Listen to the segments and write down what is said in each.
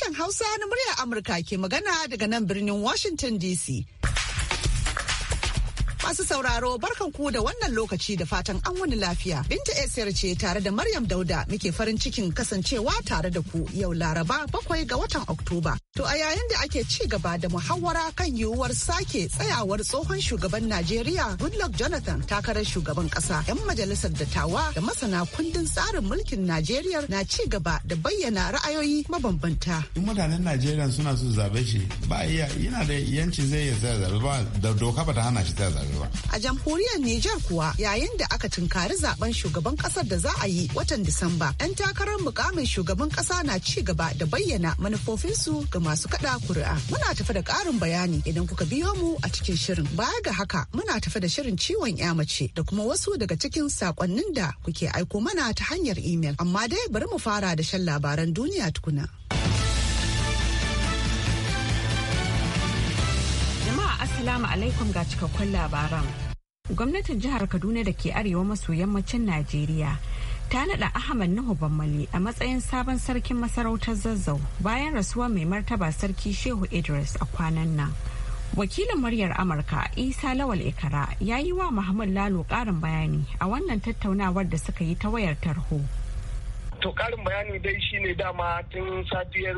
Sashen Hausa na muryar Amurka ke magana daga nan birnin Washington DC. Masu sauraro barkan ku da wannan lokaci da fatan an wani lafiya. Binta Esiyar ce tare da Maryam Dauda muke farin cikin kasancewa tare da ku yau Laraba bakwai ga watan Oktoba. To a yayin da ake ci gaba da muhawara kan yiwuwar sake tsayawar tsohon shugaban Najeriya Goodluck Jonathan takarar shugaban kasa, 'yan majalisar dattawa da masana kundin tsarin mulkin Najeriya na ci gaba da bayyana ra'ayoyi mabambanta. In mutanen Najeriya suna su zabe shi ba iya yana da yanci zai iya tsaya zabe ba da doka ba ta hana shi tsaya zabe ba. A jamhuriyar Nijar kuwa yayin da aka tunkari zaben shugaban kasar da za a yi watan Disamba, 'yan takarar mukamin shugaban kasa na ci gaba da bayyana manufofinsu ga masu kada kuri'a. Muna tafi da ƙarin bayani idan kuka biyo mu a cikin shirin. Baya ga haka muna tafi da shirin ciwon ya mace da kuma wasu daga cikin sakonnin da kuke aiko mana ta hanyar imel. Amma dai bari mu fara da shan labaran duniya tukuna. Jama'a Assalamu alaikum ga cikakkun labaran. Gwamnatin jihar Kaduna da ke arewa maso yammacin Najeriya ta naɗa Ahmad Nuhu Bammali a matsayin sabon sarkin masarautar Zazzau bayan rasuwar mai martaba sarki Shehu Idris a kwanan nan. Wakilin muryar Amurka Isa Lawal Ikara ya yi wa Muhammad Lalo ƙarin bayani a wannan tattaunawar da suka yi ta wayar tarho. to karin bayani dai shine dama tun safiyar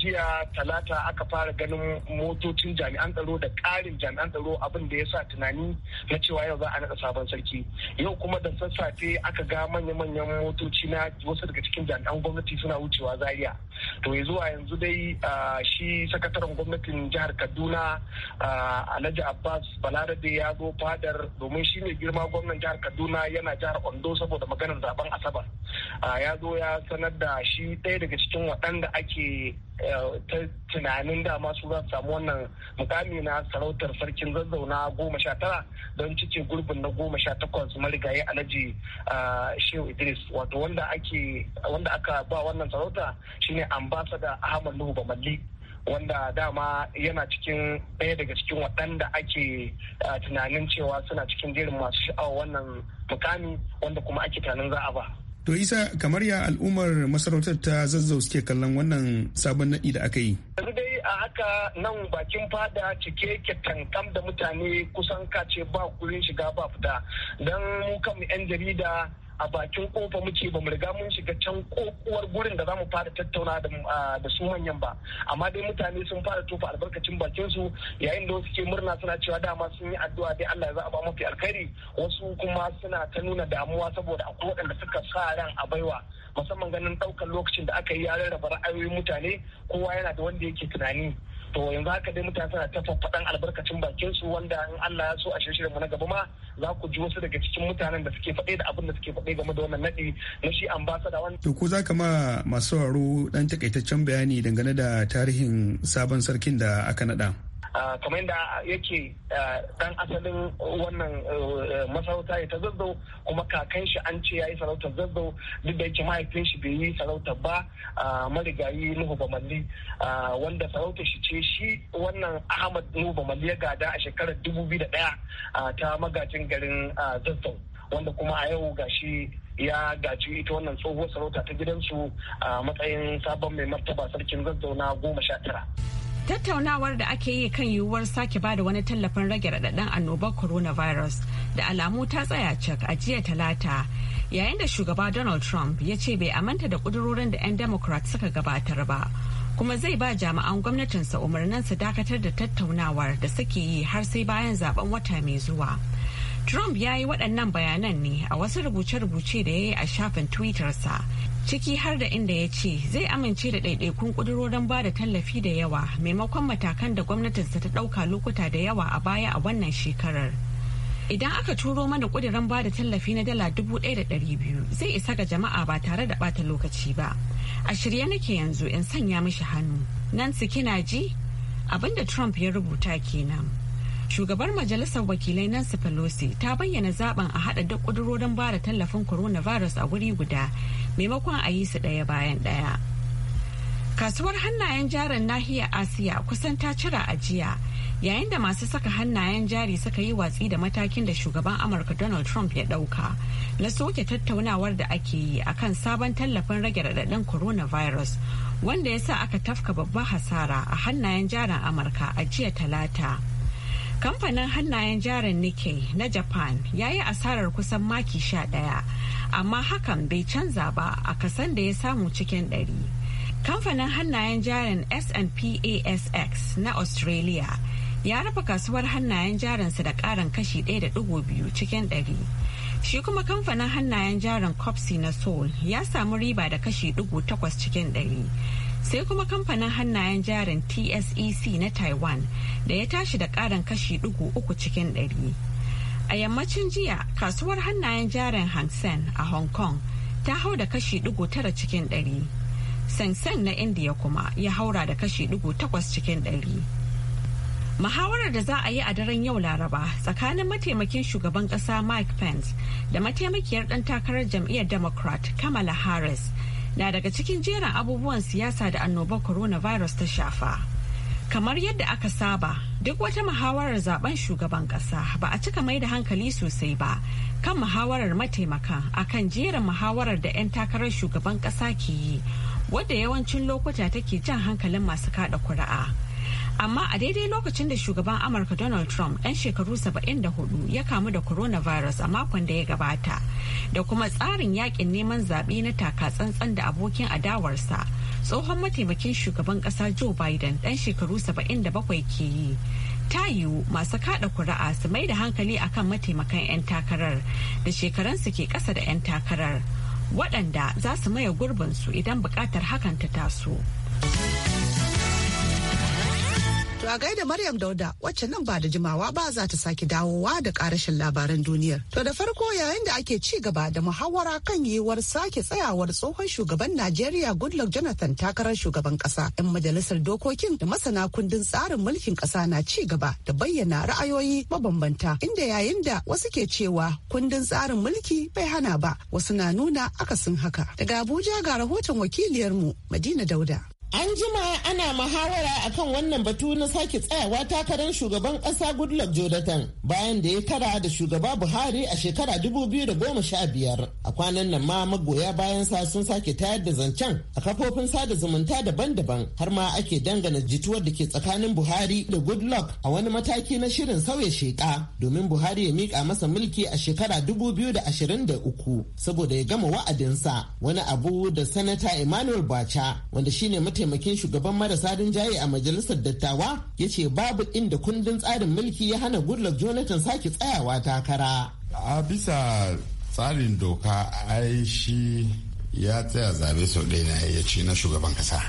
jiya talata aka fara ganin motocin jami'an tsaro da karin jami'an tsaro abin da ya sa tunani na cewa yau za a naɗa sabon sarki yau kuma da sassafe aka ga manya-manyan motoci na wasu daga cikin jami'an gwamnati suna wucewa zaria to ya zuwa yanzu dai shi sakataren gwamnatin jihar kaduna alhaji abbas balarabe ya zo fadar domin shine girma gwamnan jihar kaduna yana jihar ondo saboda maganar zaben asabar ya zo ya sanar da shi ɗaya daga cikin waɗanda ake eh, ta tunanin dama su za su samu wannan mukami na sarautar sarkin zazzauna goma sha tara don cike gurbin na goma sha takwas marigayi alhaji ah, shehu idris wato wanda ake wanda aka ba wannan sarauta shine ambasada ahmad nuhu bamalli wanda dama yana cikin ɗaya daga cikin waɗanda ake ah, tunanin cewa suna cikin jerin masu sha'awa wannan mukami wanda kuma ake tunanin za a ba To isa kamar ya al'ummar masarautar ta zazzau suke kallon wannan sabon naɗi da aka yi. Yanzu dai a haka nan bakin fada cike ke tankam da mutane kusan kace ba kurin shiga ba fita don mu kan 'yan jarida a bakin kofa muke ba mu riga mun shiga can kokuwar gurin da za mu fara tattauna da su manyan ba amma dai mutane sun fara tofa albarkacin bakin su yayin da wasu murna suna cewa dama sun yi addu'a dai Allah ya za a ba mafi alkhairi wasu kuma suna ta nuna damuwa saboda akwai waɗanda suka sa ran a baiwa musamman ganin ɗaukar lokacin da aka yi ya rarraba ra'ayoyin mutane kowa yana da wanda yake tunani to yanzu haka dai mutane suna ta faɗan albarkacin bakin su wanda in Allah ya so a shirye mu na gaba ma za ku ji wasu daga cikin mutanen da suke faɗe da abin da suke faɗe game da wannan nadi na shi ambasada wannan. To ko za ka ma masu sauraro dan takaitaccen bayani dangane da tarihin sabon sarkin da aka naɗa. Ah, kamar yadda yake ah, dan asalin wannan eh, masarauta ya ta zazzau kuma kakan shi an ce ya yi sarautar zazzau duk da yake mahaifin shi bai yi sarauta ba ah, marigayi nuhu bamalli wanda sarautar shi ce shi wannan ahmad nuhu bamalli ya gada a shekarar dubu biyu da ɗaya ta magajin garin zazzau wanda kuma a yau gashi ya gaji ita wannan tsohuwar sarauta ta gidansu a matsayin sabon mai martaba sarkin zazzau na goma sha tara. tattaunawar da ake yi kan yiwuwar sake bada wani tallafin rage radadin annobar coronavirus da alamu ta tsaya cak a jiya talata yayin da shugaba donald trump ya ce bai amanta da kudurorin da 'yan democrat suka gabatar ba kuma zai ba jami'an gwamnatinsa umarnin su dakatar da tattaunawar da suke yi har sai bayan zaben wata mai zuwa. Trump ya yi waɗannan bayanan ne a wasu rubuce-rubuce da ya yi a shafin sa ciki har da inda ya ce zai amince da ɗaiɗaikun ƙudurorin ba da tallafi da yawa maimakon matakan da gwamnatinsa ta ɗauka lokuta da yawa a baya a wannan shekarar. Idan aka turo mana ƙudurin ba da tallafi na dala dubu ɗaya da ɗari biyu zai isa ga jama'a ba tare da ɓata lokaci ba. A shirye nake yanzu in sanya mishi hannu. Nancy kina ji? Abinda da Trump ya rubuta kenan. shugabar majalisar wakilai nancy pelosi ta bayyana zaben a hada duk kudurorin bada tallafin coronavirus a wuri guda maimakon a yi su daya bayan daya kasuwar hannayen jarin nahiyar asiya kusan ta cira ajiya yayin da masu saka hannayen jari suka yi watsi da matakin da shugaban amurka donald trump ya dauka na soke tattaunawar da ake yi akan sabon tallafin rage radadin coronavirus wanda ya sa aka tafka babban hasara a hannayen jarin amurka a jiya talata Kamfanin hannayen jarin Nikkei na Japan ya yi asarar kusan maki sha daya amma hakan bai canza ba a kasan da ya samu cikin ɗari. Kamfanin hannayen jarin SNPASX na Australia ya rufe kasuwar hannayen jarinsa da karin kashi ɗaya da biyu cikin ɗari. Shi kuma kamfanin hannayen jarin Copsy na Seoul ya samu riba da kashi dubu takwas cikin ɗari. sai kuma kamfanin hannayen jarin tsec na taiwan da ya tashi da karin kashi dugu uku cikin ɗari a yammacin jiya kasuwar hannayen jarin hang seng a hong kong ta hau da kashi dugu tara cikin ɗari seng na india kuma ya haura da kashi dugu takwas cikin ɗari Muhawarar da za a yi a daren yau Laraba tsakanin mataimakin shugaban kasa Mike Pence da mataimakiyar ɗan takarar jam'iyyar Democrat Kamala Harris na daga cikin jerin abubuwan siyasa da annobar coronavirus ta shafa. Kamar yadda aka saba, duk wata muhawarar zaben shugaban kasa ba a cika mai da hankali sosai ba kan muhawarar mataimaka akan jerin muhawarar da 'yan takarar shugaban kasa ke yi, wadda yawancin lokuta take jan hankalin masu kada kuri'a. amma a daidai lokacin da shugaban amurka donald trump dan shekaru 74 ya kamu da coronavirus a makon da ya gabata da kuma tsarin yakin neman zaɓe na taka tsantsan da abokin adawarsa tsohon mataimakin shugaban ƙasa joe biden dan shekaru 77 ke yi ta yiwu masu kada kuri'a su mai da hankali akan mataimakan 'yan takarar da shekaransu ke ƙasa da 'yan takarar waɗanda za su maye gurbinsu idan buƙatar hakan ta taso. To a gaida Maryam Dauda wacce nan ba da jimawa ba za ta sake dawowa da karashin labaran duniyar. To da farko yayin da ake ci gaba da muhawara kan yiwuwar sake tsayawar tsohon shugaban Najeriya Goodluck Jonathan takarar shugaban kasa. 'Yan majalisar dokokin da masana kundin tsarin mulkin kasa na ci gaba da bayyana ra'ayoyi mabambanta inda yayin da wasu ke cewa kundin tsarin mulki bai hana ba wasu na nuna akasin haka. Daga Abuja ga rahoton wakiliyarmu Madina Dauda. An jima ana muhawara akan wannan batu na sake tsayawa takarar shugaban ƙasa Goodluck Jonathan bayan da ya kara da shugaba Buhari a shekara 2015. A kwanan nan ma magoya bayan sa sun sake tayar da zancen a kafofin sada zumunta daban-daban har ma ake dangana jituwar da ke tsakanin Buhari da Goodluck a wani mataki na shirin sauya sheka domin Buhari ya miƙa masa mulki a shekara 2023 saboda ya gama wa'adinsa wani abu da Sanata Emmanuel Bacha wanda shine mataimakin shugaban marasa rinjaye a majalisar dattawa ya ce babu inda kundin tsarin mulki ya hana goodluck jonathan sake tsayawa takara a bisa tsarin doka ai shi ya tsaya zabe sau ɗaya na ya ci na shugaban kasa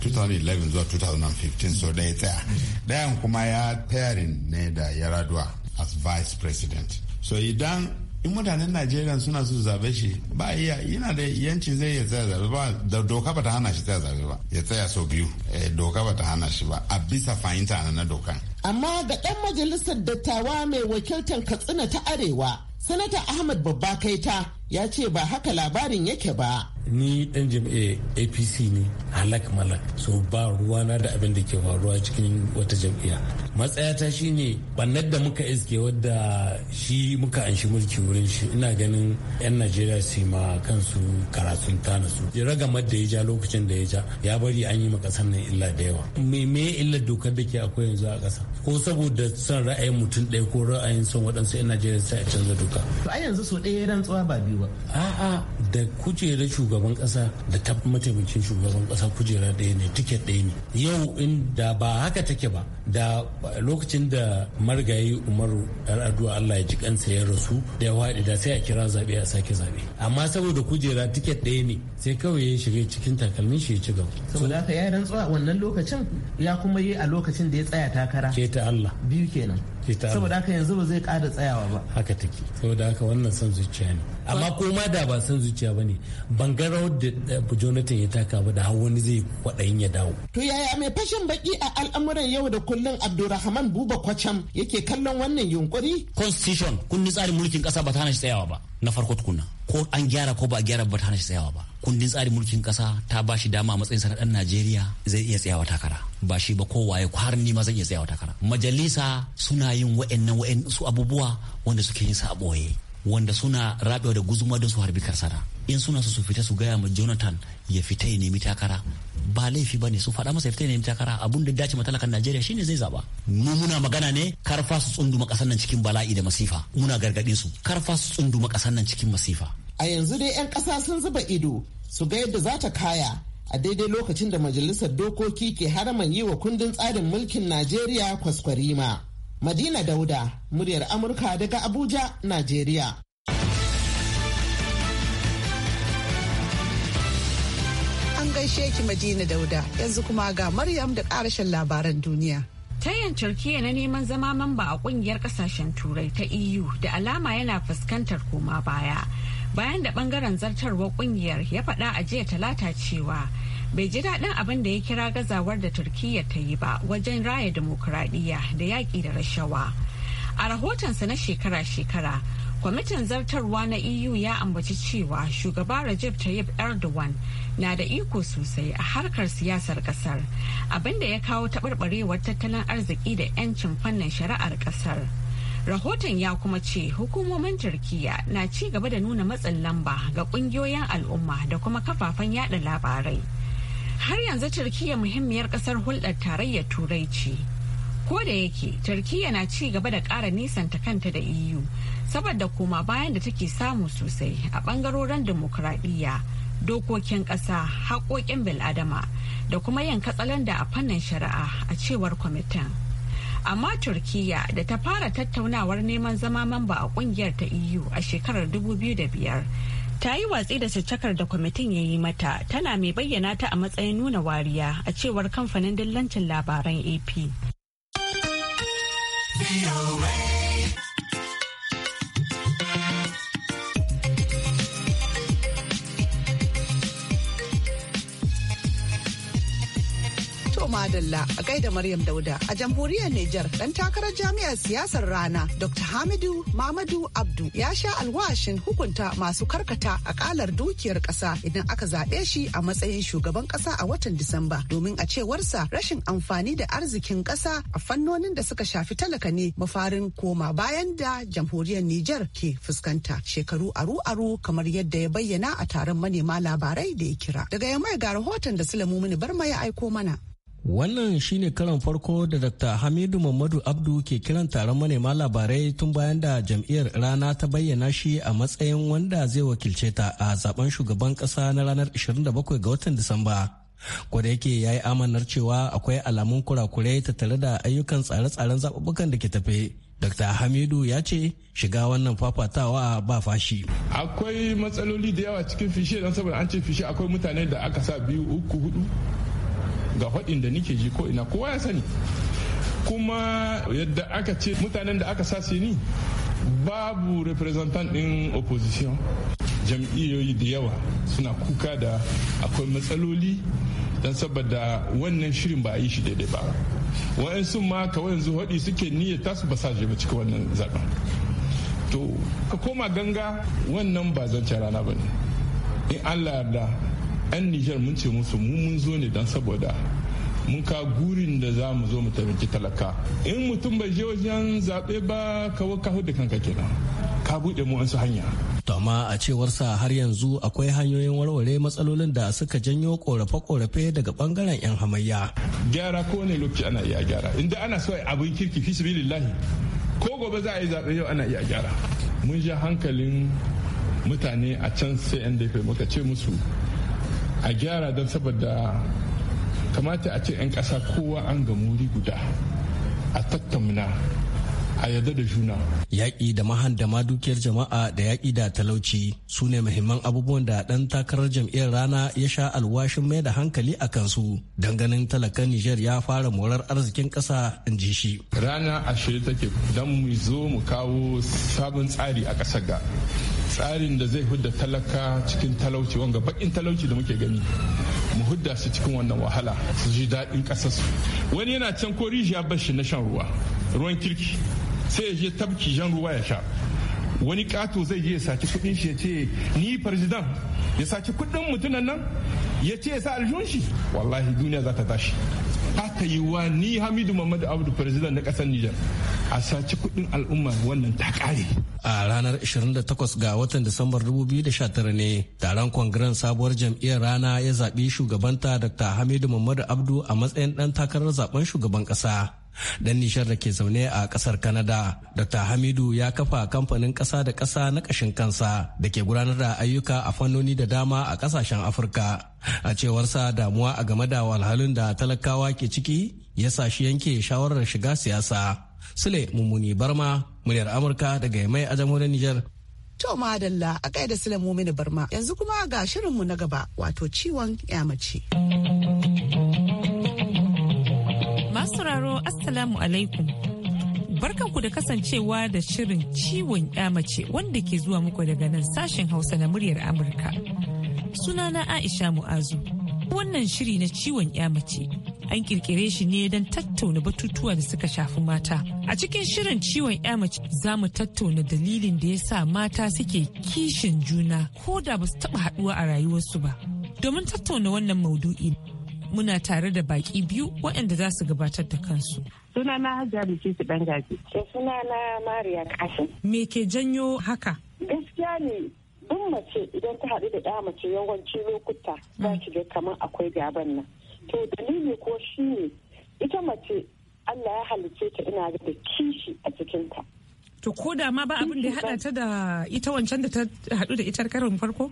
2011 zuwa 2015 sau ɗaya tsaya ɗayan kuma ya tayarin ne da yaraduwa as vice president so idan in mutanen najeriya suna su zabe shi ba iya yana da yanci zai ya tsaya zabe ba da doka ba ta hana shi tsaya zabe ba ya tsaya sau biyu eh, doka ba ta hana shi ba a bisa fahimta na doka amma ga dan majalisar dattawa mai wakiltar katsina ta arewa sanata ahmad babba kaita ya ce ba haka labarin yake ba ni dan jam'iyyar apc ne halak malak so ba ruwana da abin da ke faruwa cikin wata jam'iyya matsayata shine bannar da muka iske wadda shi muka anshi mulki wurin shi ina ganin yan najeriya su ma kansu karatun tana su ragamar da ya ja lokacin da ya ja ya bari an yi maka sannan illa da yawa me me illar dokar da ke akwai yanzu a kasa. ko saboda son ra'ayin mutum ɗaya ko ra'ayin son waɗansu yan najeriya sai a canza doka to a yanzu so ɗaya rantsuwa ba biyu ba a'a da kujerar shugaban shugaban kasa da ta mataimakin shugaban kasa kujera ɗaya ne tiket ɗaya ne yau in da ba haka take ba da lokacin da marigayi umaru yar addu'a allah ya ji kansa ya rasu da ya waɗe da sai a kira zaɓe a sake zaɓe amma saboda kujera tiket ɗaya ne sai kawai ya shiga cikin takalmin shi ya ci gaba saboda haka ya rantsuwa wannan lokacin ya kuma yi a lokacin da ya tsaya takara ke ta allah biyu kenan saboda haka yanzu ba zai kada tsayawa ba haka take saboda haka wannan son zuciya ne amma ko da ba son zuciya ba ne ban ga da jonathan ya taka ba da har wani zai kwaɗayin ya dawo to yaya mai fashin baki a al'amuran yau da kullun abdulrahman buba kwacham yake kallon wannan yunkuri constitution kundin tsarin mulkin ƙasa ba ta hana shi tsayawa ba na farko tukuna ko an gyara ko ba a gyara ba ta hana shi tsayawa ba kundin tsarin mulkin ƙasa ta ba shi dama a matsayin sa na dan Najeriya zai iya tsayawa takara ba shi ba kowaye ko har ni ma iya tsayawa takara majalisa suna yin wa'annan wa'annan su abubuwa wanda suke yin sa a boye wanda suna rabewa da guzuma don su harbi Karsara in suna su fita su gaya ma jonathan ya fita ya nemi takara ba laifi ba ne su faɗa masa ya fita ya nemi takara abun da dace matalakan najeriya shine zai zaba mu muna magana ne karfa su tsunduma ƙasar nan cikin bala'i da masifa muna gargaɗin su karfa su tsunduma ƙasar nan cikin masifa a yanzu dai 'yan ƙasa sun zuba ido su ga yadda za ta kaya a daidai lokacin da majalisar dokoki ke haraman yi wa kundin tsarin mulkin najeriya kwaskwarima Madina Dauda, muryar Amurka daga Abuja, Najeriya. An gaishe ki Madina Dauda, yanzu kuma ga Maryam da ƙarashin labaran duniya. Tayan Turkiyya na neman zama mamba a ƙungiyar ƙasashen turai ta EU da alama yana fuskantar koma baya. Bayan da ɓangaren zartarwar ƙungiyar ya faɗa a jiya talata cewa bai ji daɗin abin da ya kira gazawar da turkiyya ta yi ba wajen raya demokuraɗiyya da yaƙi da rashawa a rahotonsa na shekara-shekara kwamitin zartarwa na eu ya ambaci cewa shugaba rajab tayyip erdogan na da iko sosai a harkar siyasar kasar abinda ya kawo taɓarɓarewar tattalin arziki da 'yancin fannin shari'ar ƙasar. rahoton ya kuma ce hukumomin Turkiyya na ci gaba da nuna matsin lamba ga ƙungiyoyin al'umma da kuma kafafen yada labarai har yanzu turkiya muhimmiyar kasar hulɗar tarayyar turai ce ko da yake turkiya na ci gaba da ƙara nisanta kanta da eu saboda koma bayan da take samu sosai a ɓangarorin dimokuraɗiyya dokokin ƙasa haƙoƙin bil'adama da kuma yin katsalanda a fannin shari'a a cewar kwamitin amma turkiya da ta fara tattaunawar neman zama mamba a ƙungiyar ta eu a shekarar 2005 ta yi watsi da caccakar da kwamitin ya yi mata tana mai bayyana ta a matsayin nuna wariya a cewar kamfanin dillancin labaran ap. Madalla a gaida Maryam Dauda a jamhuriyar Nijar dan takarar jami'ar siyasar rana Dr. Hamidu Mamadu Abdu ya sha alwashin hukunta masu karkata a akalar dukiyar kasa idan aka zaɓe shi a matsayin shugaban kasa a watan Disamba domin a cewarsa rashin amfani da arzikin kasa a fannonin da suka shafi talaka ne mafarin koma bayan da jamhuriyar Nijar ke fuskanta shekaru aru-aru kamar yadda ya bayyana a taron manema labarai da ya kira. Daga yamma ga rahoton da Sulemu Mini Barma ya aiko mana. Wannan shine karan farko da Dr. Hamidu mamadu Abdu ke kiran taron manema labarai tun bayan da jam'iyyar rana ta bayyana shi a matsayin wanda zai wakilce ta a zaben shugaban kasa na ranar 27 ga watan Disamba. Kwada yake ya yi amanar cewa akwai alamun kurakurai tattare da ayyukan tsare-tsaren zaɓuɓɓukan da ke tafe. Dr. Hamidu ya ce shiga wannan fafatawa ba fashi. Akwai matsaloli da yawa cikin fishe don saboda an ce fishe akwai mutane da aka sa biyu uku hudu ga faɗin da nike ji ko ina kowa ya sani kuma yadda aka ce mutanen da aka sa ni babu representant din opposition jam'iyyoyi da yawa suna kuka da akwai matsaloli don saboda wannan shirin ba a yi shi daidai ba sun ma kawai yanzu haɗi suke niyyar tasu ba sa ba cikin wannan zaɓen to ka koma ganga wannan ba zancen rana ba ne in allah yarda 'yan nijar mun ce musu mu mun zo ne don saboda mun ka gurin da za mu zo mu taimaki talaka in mutum bai je wajen zaɓe ba kawo ka da kanka kenan ka buɗe mu wasu hanya to amma a sa har yanzu akwai hanyoyin warware matsalolin da suka janyo korafe-korafe daga bangaren 'yan hamayya gyara ko ne lokaci ana iya gyara inda ana so abin kirki fi sabilillahi ko gobe za a yi zaɓe yau ana iya gyara mun ja hankalin mutane a can sai yan muka ce musu a gyara don saboda kamata a ce 'yan ƙasa kowa an muri guda a tattauna a yarda da juna. Yaƙi da mahan da ma dukiyar jama'a da yaƙi da talauci su ne muhimman abubuwan da ɗan takarar jam'iyyar rana ya sha alwashin mai da hankali a kansu don ganin talakan Nijar ya fara morar arzikin ƙasa in ji shi. Rana ashirin take don mu zo mu kawo sabon tsari a ƙasar ga tsarin da zai hudda talaka cikin talauci wanga bakin talauci da muke gani mu hudda su cikin wannan wahala su ji daɗin ƙasarsu wani yana can ko rijiya bashi na shan ruwa ruwan kirki sai ya je tabki jan ruwa ya sha wani kato zai je ya saci kudin shi ya ce ni farzidan ya saci kudin mutunan nan ya ce ya sa aljihun shi wallahi duniya za ta tashi aka yi wa ni hamidu mamadu abdu farzidan na kasar nijar a saci kudin al'umma wannan ta kare a ranar 28 ga watan disambar 2019 ne taron kwangren sabuwar jam'iyyar rana ya zaɓi shugabanta dr hamidu mamadu abdu a matsayin ɗan takarar zaben shugaban ƙasa Dan nishar da ke zaune a kasar Kanada, Dr. Hamidu ya kafa kamfanin ƙasa da ƙasa na ƙashin kansa da ke gudanar da ayyuka a fannoni da dama a ƙasashen Afirka. A cewarsa damuwa a game da walhalun da talakawa ke ciki ya sa shi yanke shawarar shiga siyasa. Sule Mummuni Barma, muryar Amurka daga Yamai a jamhuriyar Nijar. To madalla a da Sule Mummuni Barma yanzu kuma ga shirinmu na gaba wato ciwon yamaci. sauraro Assalamu alaikum. Barkanku da kasancewa da shirin ciwon mace wanda ke zuwa muku daga nan sashen Hausa na muryar Amurka. Sunana Aisha Mu'azu. Wannan shiri na ciwon mace an kirkire shi ne don tattauna batutuwa da suka shafi mata. A cikin shirin ciwon ya mace za mu tattauna dalilin da ya sa mata suke kishin juna ko da ba su taɓa haɗuwa a rayuwarsu ba. Domin tattauna wannan maudu'i muna tare da baki biyu waɗanda za su gabatar da kansu. Suna na Sunana ɗan gaji. Suna na Mariya Kasim. Me ke janyo haka? Gaskiya ne duk mace idan ta haɗu da ɗa mace yawanci lokuta mm. za ki ga kamar akwai gaban nan. To dalili ko shi ne ita mace Allah ya halicce ta ina da kishi a cikinta. To ko da ma ba abin da ya haɗa ta da ita wancan da ta haɗu da ita karon farko?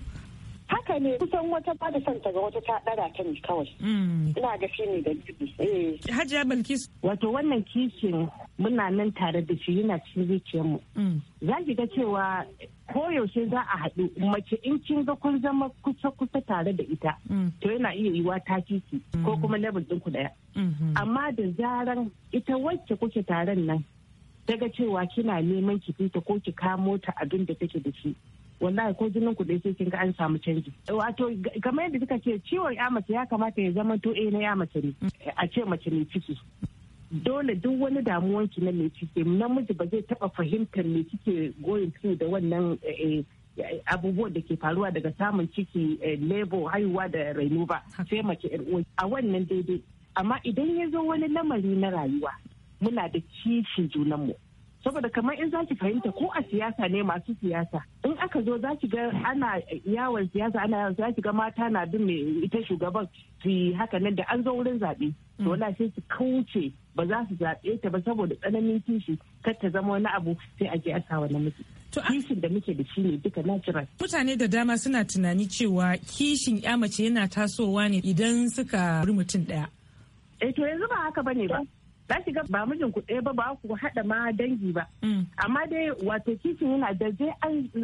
haka ne kusan wata ba da santa ga wata ta dara ta ne kawai hmm. ina ga shi ne da dubi eh. hajiya balkis wato wannan kishin muna nan tare da shi yana cikin mu. Hmm. za ki ga cewa koyaushe za a haɗu mace in kin ga kun zama kusa kusa tare da ita hmm. to yana iya yiwa ta kiki ko kuma level ku ɗaya amma da zaran ita wacce kuke taron nan daga cewa kina neman ki fita ko ki kamo ta abin da take da shi wallahi ko jinin ku ɗaya sai kin ga an samu canji wato kamar yadda kika ce ciwon ya mace ya kamata ya zama to eh na ya mace ne a ce mace ne ciki dole duk wani damuwan ki na mai ciki namiji ba zai taba fahimtar me kike goyon through da wannan eh, eh, abubuwan da ke faruwa daga samun ciki eh, lebo haihuwa da rainu ba sai mace uwa a wannan daidai amma idan ya zo wani lamari na rayuwa muna da kishin junanmu saboda kamar in zaki fahimta ko a siyasa ne masu siyasa in aka zo zaki ga ana yawon siyasa ana yawon zaki ga mata na bin mai ita shugaban su yi haka nan da an zo wurin zaɓe to mm. wala sai su kauce ba za su zaɓe ta ba saboda tsananin kishi kar ta zama wani abu sai a je a sa wani kishin da muke da shi ne duka natural mutane da dama suna tunani cewa kishin ya mace yana tasowa ne idan suka mutum ɗaya eh to yanzu ba haka bane ba za ki ga ba mijin ku ɗaya ba ba ku haɗa ma dangi ba mm. amma dai wato kicin yana da dai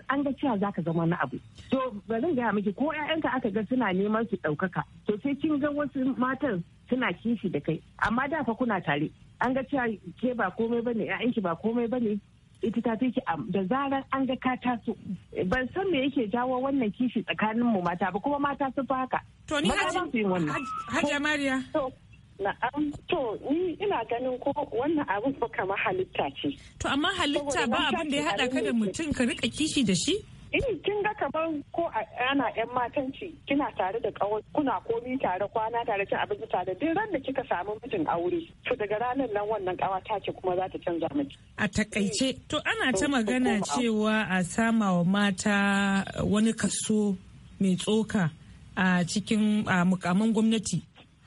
an ga cewa zaka zama na abu to ba zan gaya miki ko ƴaƴanka aka ga suna neman su ɗaukaka to sai kin ga wasu matan suna kishi da kai amma da fa kuna tare an ga cewa ke ba komai bane ƴaƴanki ba komai bane ita ta ki da zarar an ga ka taso ban san me yake jawo wannan kishi tsakanin mu mata ba kuma mata su fa haka to ni hajja mariya Na'am, to ni ina ganin ko wannan abin ba kama halitta ce. To amma halitta ba abin da ya haɗa ka da mutum ka rika kishi da shi? in eh, kin ga kamar ko ana yan matanci kina tare da kawai kuna komi tare kwana tare cin abinci tare duk ran da kika samu mijin aure to daga ranar nan wannan kawa ta ce kuma za ta canza miki a takaice eh. to ana ta magana cewa a sama wa mata wani kaso mai tsoka a cikin mukamman gwamnati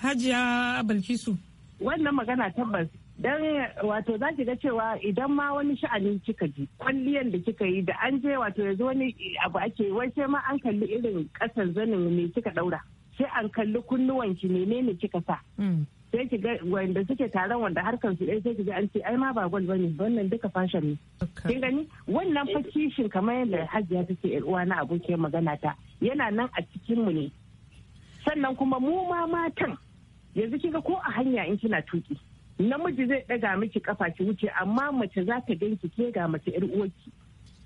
Hajiya Balkisu. Wannan magana tabbas dan wato za ki ga cewa idan ma wani sha'ani kika ji kwalliyan da kika yi da an je wato yanzu wani abu ake wai sai ma an kalli irin kasan zanin ne kika daura sai an kalli ne menene kika sa mm. sai ki ga wanda suke taron wanda harkar su ɗaya sai ki ga an ce ai ma ba gwal bane wannan duka fashion ne kin gani wannan fakishin kamar yadda hajiya take yar uwa na abokiyar magana ta yana nan a cikin mu ne sannan kuma mu ma matan yanzu ga ko a hanya in kina tuki namiji zai daga miki kafa ki wuce amma mace za ta ganki ke ga mace yar uwarki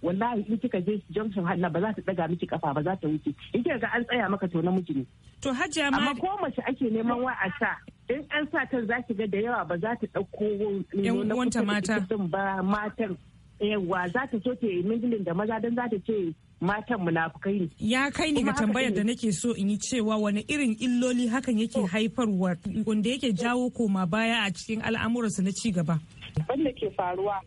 wallahi in kika je junction hanna ba za ta daga miki kafa ba za ta wuce in kika ga an tsaya maka to namiji ne to hajjia ma amma ko mace ake neman wa a sa in an sa ta za ki ga da yawa ba za ta dauko yan mata ba matan yawa za ta so ta yi mingilin da maza don za ta ce matan munafukai ne. Ya kai ni ga tambayar da nake so in yi cewa wani irin illoli hakan yake haifarwa wanda yake jawo koma baya a cikin al'amuransu na ci gaba. Wanda ke faruwa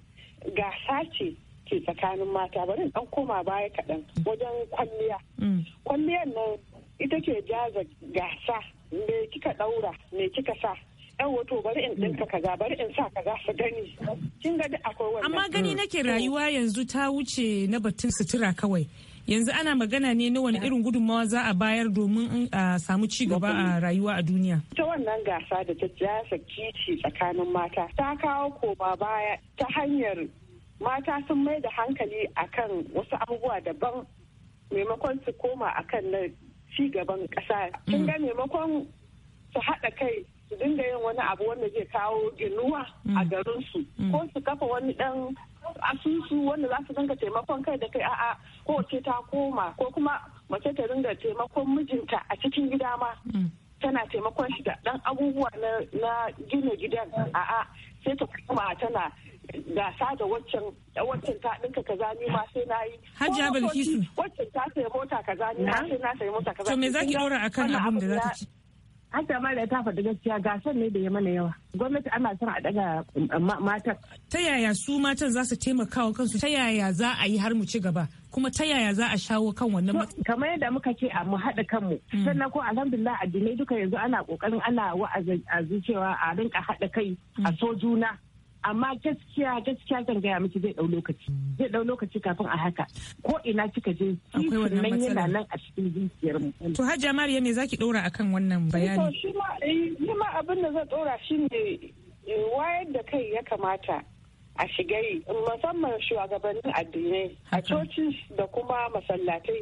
gasa ce ke tsakanin mata bari in koma baya kaɗan wajen kwalliya. Mm. Kwalliyar nan ita ke jaza gasa me kika ɗaura me kika sa yawo bari in mm. kaza bari in sa kaza su gani amma gani mm. nake rayuwa yanzu ta wuce na batun sutura kawai yanzu ana magana ne na wani irin gudunmawa za a bayar domin a uh, samu ci gaba a rayuwa a duniya. Ta wannan gasa da ta jasa kici tsakanin mata ta kawo koma baya ta hanyar mata sun mai da hankali akan wasu abubuwa daban maimakon su koma akan na ci gaban ƙasa. Kin ga mm. maimakon su haɗa kai su dinga yin wani abu wanda zai kawo inuwa a mm. garin su mm. ko su kafa wani dan asusu wanda za su dinga taimakon kai da kai a'a ko ce ta koma ko kuma mace ta dinga taimakon mijinta a cikin gida ma mm. tana taimakon shi da dan abubuwa na gina gidan a'a sai ta koma tana gasa da waccan waccan ta dinka kaza ni ma sai na yi Hajiya waccan ta sai mota kaza ni ma sai na sai mota kaza to me zaki daura akan abun da za ta ci an ta mara ta faɗi gaskiya san ne da ya mana yawa gwamnati ana son a daga um, matan ta yaya su matan za su taimaka wa kansu ta yaya za a yi har mu ci gaba kuma ta yaya za a shawo kan wannan matsalar kamar yadda muka ce a mu haɗa kanmu mm. sannan ko alhamdulillah addinai duka yanzu ana kokarin ana wa'azi cewa a rinka haɗa kai a mm. so juna amma gaskiya gaskiya zan gaya miki zai dau lokaci zai dau lokaci kafin a haka ko ina kika je titin nan yana nan a cikin zuciyar mu to hajja mariya me zaki daura akan wannan bayani to shi ma eh, ni ma abin da zan daura shine eh, wayar da kai ya kamata a shigai musamman shugabannin addinai a coci da kuma masallatai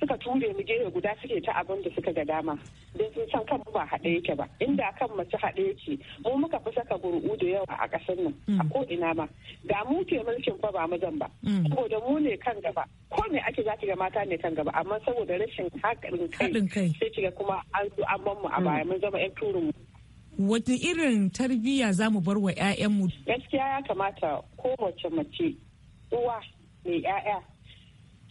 suka ture mu gefe guda suke ta abin da suka ga dama don sun san kanmu ba haɗe yake ba inda kan mace haɗe yake mu muka fi saka gurgu da yawa a ƙasar nan a mm. ko ina ma da mu ke mulkin fa ba mu zan ba mm. saboda mu ne kan gaba ko me ake za ki ga mata ne kan gaba amma saboda rashin haƙarin kai sai ki ga kuma an zo an ban mu a mm. baya mun zama 'yan turin mu wata irin tarbiyya za mu bar wa 'ya'yanmu? gaskiya ya kamata kowace mace uwa mai 'ya'ya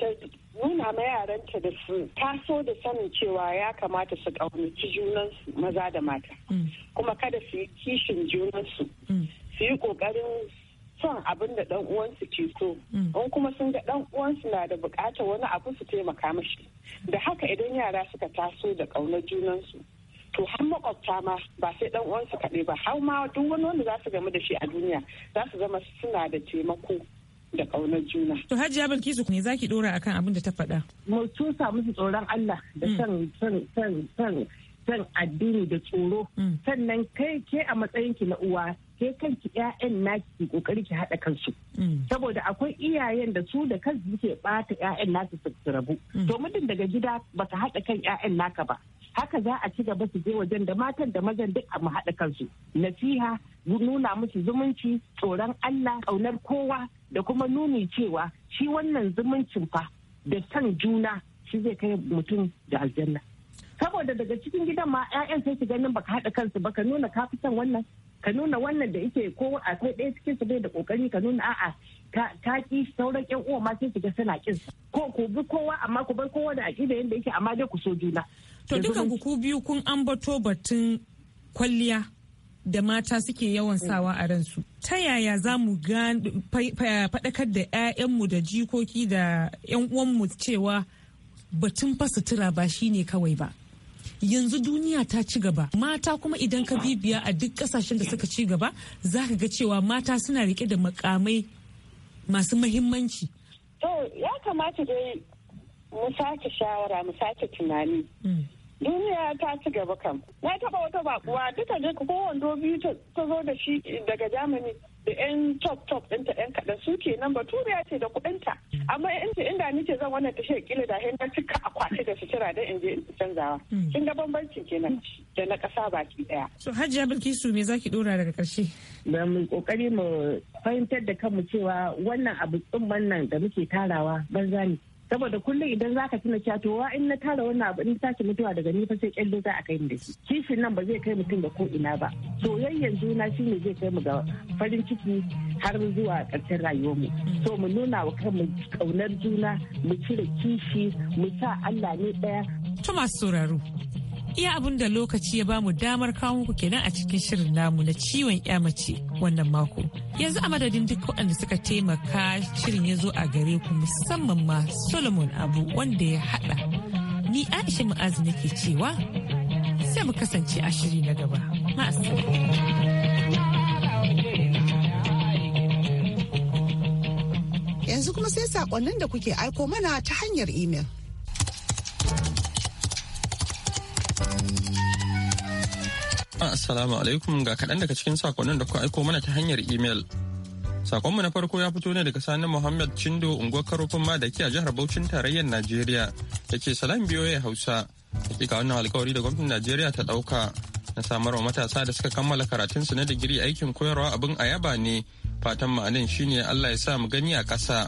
ta nuna ma yaranta da su taso da sanin cewa ya kamata su ƙaunaci junansu maza da mata mm. kuma kada su yi kishin junansu mm. su yi ƙoƙarin son abin da ɗan uwansu ke so mm. in kuma sun ga ɗan uwansu na da buƙatar wani abu su taimaka mashi da haka idan yara suka taso da ƙaunar junansu to har makwabta ma ba sai dan uwansu kaɗai ba har ma duk wani wanda za su gamu da shi a duniya za su zama suna da taimako da ƙaunar juna. To Hajiya Bilkisu ne zaki dora akan abin da ta faɗa. Mu tusa musu tsoron Allah da mm. san san san san san addini da tsoro. Mm. Sannan kai ke a matsayin ki na uwa ke ki ƴaƴan naki ki kokari ki haɗa kansu. Mm. Saboda akwai iyayen da su da kansu suke ɓata ƴaƴan nasu su rabu. To mutum daga gida baka haɗa kan ƴaƴan naka ba. haka za a ci gaba su je wajen da matan da mazan duk a haɗa kansu nasiha nuna musu zumunci tsoron Allah ƙaunar kowa da kuma nuni cewa shi wannan zumuncin fa da san juna shi zai kai mutum da aljanna saboda daga cikin gidan ma 'ya'yan sai su ganin baka haɗa kansu baka nuna ka fi san wannan ka nuna wannan da yake ko akwai ɗaya cikin su bai da kokari ka nuna a'a ta ki sauran yan uwa ma sai su ga suna kin ko ku bi kowa amma ku bar kowa da aƙida yanda yake amma dai ku so juna to dukan ku biyu kun ambato batun kwalliya da mata suke yawan mm. sawa a ransu ta yaya za mu faɗakar da 'ya'yanmu da jikoki da 'yan uwanmu cewa batun fa sutura ba shine kawai ba yanzu duniya ta ci gaba mata kuma idan ka bibiya a duk kasashen da suka ci gaba za ka ga cewa mata suna rike da makamai masu mahimmanci to ya kamata dai mu sake shawara mu sake tunani hmm. duniya ta ci gaba kan na taba wata bakuwa duka je ko wando biyu ta zo da shi eh, daga germany da yan top top ɗinta yan kaɗan su ke nan ya ce da kuɗinta amma in ce inda ni ce zan wannan tashar kila da hin cika akwati da sutura don in je in canzawa hmm. kin ga bambanci kenan da na kasa baki ɗaya. so hajiya bilkisu me zaki ɗora daga karshe da mu kokari mu fahimtar da kanmu cewa wannan abu tsumman nan da muke tarawa banza ne saboda kullum idan za ka tuna cewa in na tara wannan abu in tashi mutuwa daga ni fa sai kyalle za a kai ni da shi kishin nan ba zai kai mutum da ko ina ba soyayyen juna ne zai kai mu ga farin ciki har zuwa ƙarshen mu so mu nuna wa kanmu kaunar juna mu cire kishi mu sa Allah ne ɗaya. To masu sauraro Iya abin da lokaci ya bamu damar kawo muku kenan a cikin shirin namu na ciwon ya mace wannan mako. Yanzu a madadin duk waɗanda suka taimaka shirin ya zo a gare ku musamman ma Solomon Abu wanda ya haɗa. Ni Aisha ma'azi nake cewa sai mu kasance a shiri na gaba. Yanzu kuma sai saƙonnin da kuke aiko mana ta hanyar imel. Assalamu alaikum ga kaɗan daga cikin sakonnin da ku aiko mana ta hanyar imel. Sakonmu na farko ya fito ne daga sanin Muhammad Chindo unguwar karofin ke a jihar Bauchin tarayyar Najeriya da ke salam ya Hausa. Hakika wannan alkawari da gwamnatin Najeriya ta ɗauka na samarwa matasa da suka kammala karatun su na digiri aikin koyarwa abin ayaba ne fatan ma'anin shine Allah ya sa mu gani a ƙasa.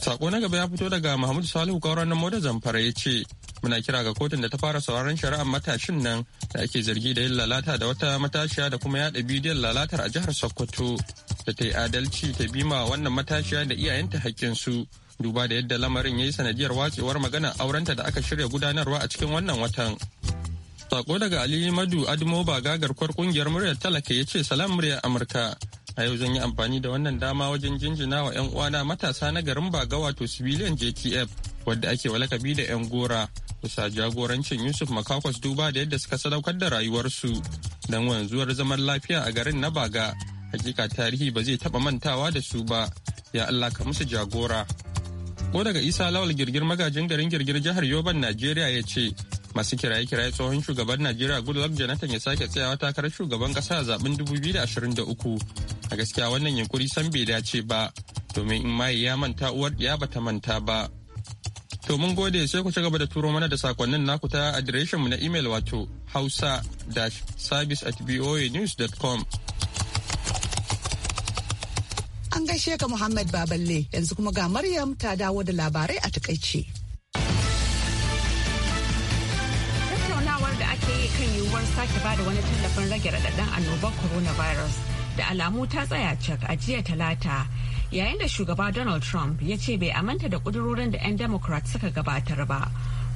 Sako na gaba ya fito daga Muhammadu Salihu Kaura na Moda Zamfara ya ce muna kira ga kotun da ta fara sauraron shari'ar matashin nan da ake zargi da yin lalata da wata matashiya da kuma yada bidiyon lalatar a jihar sokoto da ta yi adalci ta bima wannan matashiya da iyayenta su duba da yadda lamarin ya yi sanadiyar watsewar magana aurenta da aka shirya gudanarwa a cikin wannan watan sako daga ali madu admo ba kwar kungiyar muryar talaka ya ce salam muryar amurka a yau zan yi amfani da wannan dama wajen jinjina wa 'yan uwana matasa na garin baga wato civilian jtf wadda ake walakabi da 'yan gora bisa jagorancin yusuf makakos duba da yadda suka sadaukar da rayuwarsu don wanzuwar zaman lafiya a garin na baga hakika tarihi ba zai taba mantawa da su ba ya allah ka musu jagora ko daga isa lawal girgir magajin garin girgir jihar yoban najeriya ya ce masu kiraye-kiraye tsohon shugaban najeriya goodluck jonathan ya sake tsayawa takarar shugaban kasa a zaben 2023 a gaskiya wannan yunkuri san bai dace ba domin in maye ya manta uwar ya bata manta ba to mun gode sai ku ci gaba da turo mana da sakonnin naku ta adireshin mu na email wato hausa serviceboanewscom an gaishe ka Muhammad Baballe yanzu kuma ga Maryam ta dawo da labarai a takaice. Tattaunawar da ake yi kan yiwuwar sake bada wani tallafin rage radadin annobar coronavirus da alamu ta tsaya cak a jiya talata yayin da shugaba donald trump ya ce bai amanta da kudurorin da 'yan democrat suka gabatar ba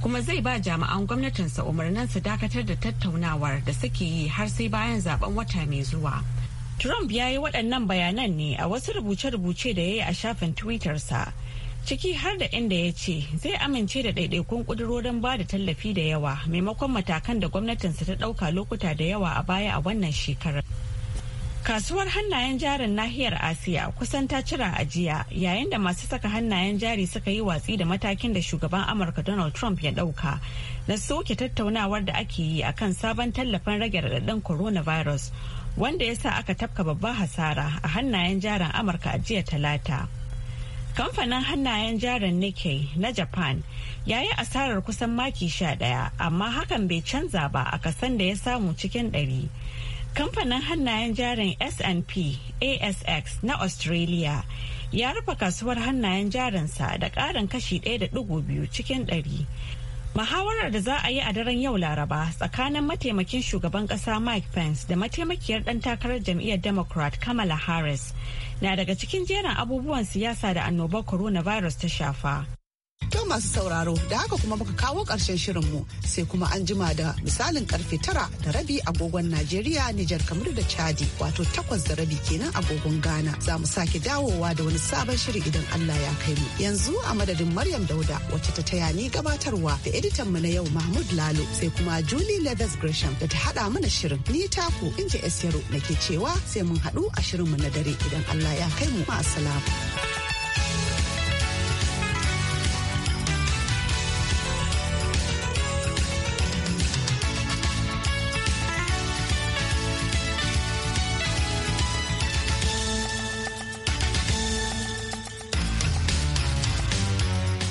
kuma zai ba jami'an gwamnatinsa umarnin su dakatar da tattaunawar da suke yi har sai bayan zaben wata mai zuwa trump ya yi waɗannan bayanan ne a wasu rubuce-rubuce da ya yi a shafin twittersa ciki har da inda ya ce zai amince da ɗaiɗaikun ƙudurorin ba da tallafi da yawa maimakon matakan da gwamnatinsa ta ɗauka lokuta da yawa a baya a wannan shekarar Kasuwar hannayen jarin nahiyar Asiya kusan ta cira ajiya yayin da masu saka hannayen jari suka yi watsi da matakin da shugaban Amurka Donald Trump ya ɗauka na soke tattaunawar da ake yi a kan sabon tallafin rage raɗaɗin coronavirus wanda ya sa aka tafka babban hasara a hannayen jarin Amurka a jiya talata. Kamfanin hannayen jarin Nikkei na Japan ya yi asarar kusan maki sha ɗaya amma hakan bai canza ba a kasan da ya samu cikin ɗari. Kamfanin hannayen jarin S&P ASX na Australia ya rufe kasuwar hannayen jarinsa da karin kashi 1.2 cikin ɗari. Muhawarar da za a yi a daren yau Laraba tsakanin mataimakin shugaban kasa Mike Pence da mataimakiyar dan takarar jam'iyyar Democrat Kamala Harris na daga cikin jerin abubuwan siyasa da annobar coronavirus ta shafa. don masu sauraro da haka kuma muka kawo ƙarshen shirinmu sai kuma an jima da misalin karfe tara da rabi agogon Najeriya, Nijar kamar da Chadi wato takwas da rabi kenan agogon Ghana. Za mu sake dawowa da wani sabon shiri idan Allah ya kai mu. Yanzu a madadin Maryam Dauda wacce ta taya ni gabatarwa da editan mu na yau Mahmud Lalo sai kuma Julie Leathers Gresham da ta haɗa mana shirin. Ni taku Inji na nake cewa sai mun haɗu a shirinmu na dare idan Allah ya kai mu. Ma'asalamu.